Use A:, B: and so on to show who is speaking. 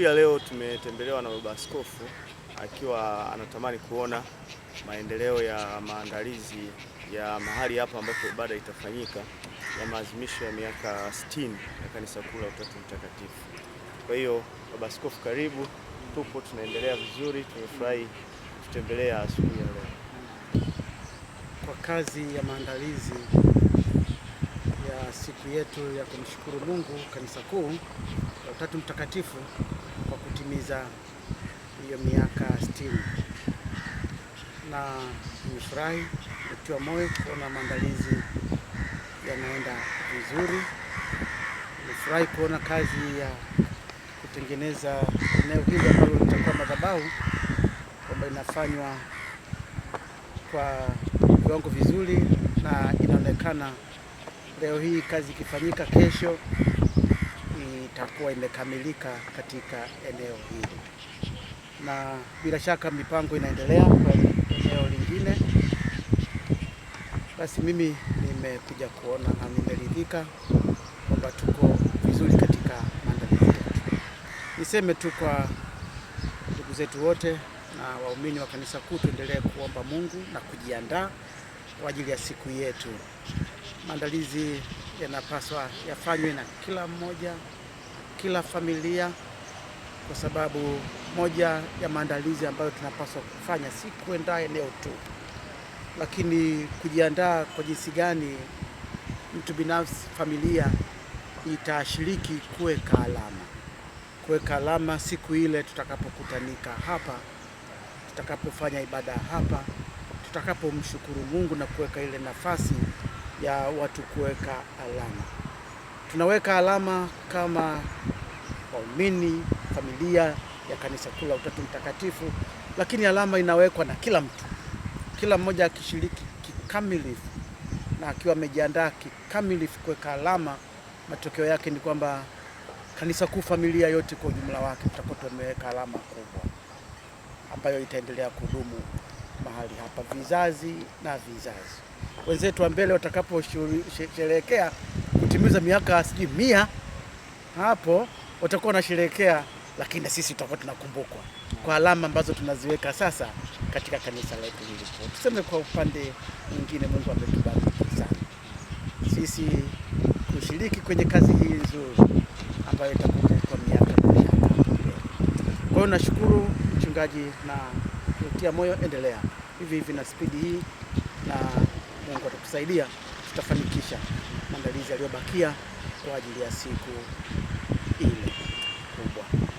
A: ya leo tumetembelewa na Baba Askofu akiwa anatamani kuona maendeleo ya maandalizi ya mahali hapa ambapo ibada itafanyika ya maazimisho ya miaka 60 ya Kanisa Kuu la Utatu Mtakatifu. Kwa hiyo Baba Askofu, karibu. Tupo tunaendelea vizuri, tumefurahi kutembelea asubuhi ya leo
B: kwa kazi ya maandalizi ya siku yetu ya kumshukuru Mungu Kanisa Kuu la Utatu Mtakatifu kwa kutimiza hiyo miaka sitini na nimefurahi kutiwa moyo kuona maandalizi yanaenda vizuri. Nimefurahi kuona kazi ya kutengeneza eneo hili ambalo litakuwa madhabahu kwamba inafanywa kwa viwango vizuri na inaonekana leo hii kazi ikifanyika, kesho itakuwa imekamilika katika eneo hili, na bila shaka mipango inaendelea kwa eneo lingine. Basi mimi nimekuja kuona na nimeridhika kwamba tuko vizuri katika maandalizi yetu. Niseme tu kwa ndugu zetu wote na waumini wa Kanisa Kuu, tuendelee kuomba Mungu na kujiandaa kwa ajili ya siku yetu. Maandalizi yanapaswa yafanywe na kila mmoja kila familia, kwa sababu moja ya maandalizi ambayo tunapaswa kufanya si kuenda eneo tu, lakini kujiandaa kwa jinsi gani mtu binafsi, familia itashiriki kuweka alama, kuweka alama siku ile tutakapokutanika hapa, tutakapofanya ibada hapa, tutakapomshukuru Mungu na kuweka ile nafasi ya watu kuweka alama tunaweka alama kama waumini, familia ya kanisa kuu la Utatu Mtakatifu, lakini alama inawekwa na kila mtu, kila mmoja akishiriki kikamilifu na akiwa amejiandaa kikamilifu kuweka alama. Matokeo yake ni kwamba kanisa kuu, familia yote kwa ujumla wake, tutakuwa tumeweka alama kubwa ambayo itaendelea kudumu mahali hapa vizazi na vizazi. Wenzetu wa mbele watakaposherehekea kutimiza miaka sijui mia hapo watakuwa wanasherehekea, lakini na sisi tutakuwa tunakumbukwa kwa alama ambazo tunaziweka sasa katika kanisa letu hili. Tuseme kwa upande mwingine, Mungu ametubariki sana sisi kushiriki kwenye kazi hii nzuri ambayo kwa miaka na Kwa hiyo nashukuru mchungaji na kutia moyo, endelea hivi hivi na spidi hii, na Mungu atakusaidia tutafanikisha maandalizi yaliyobakia kwa ajili ya siku ile kubwa.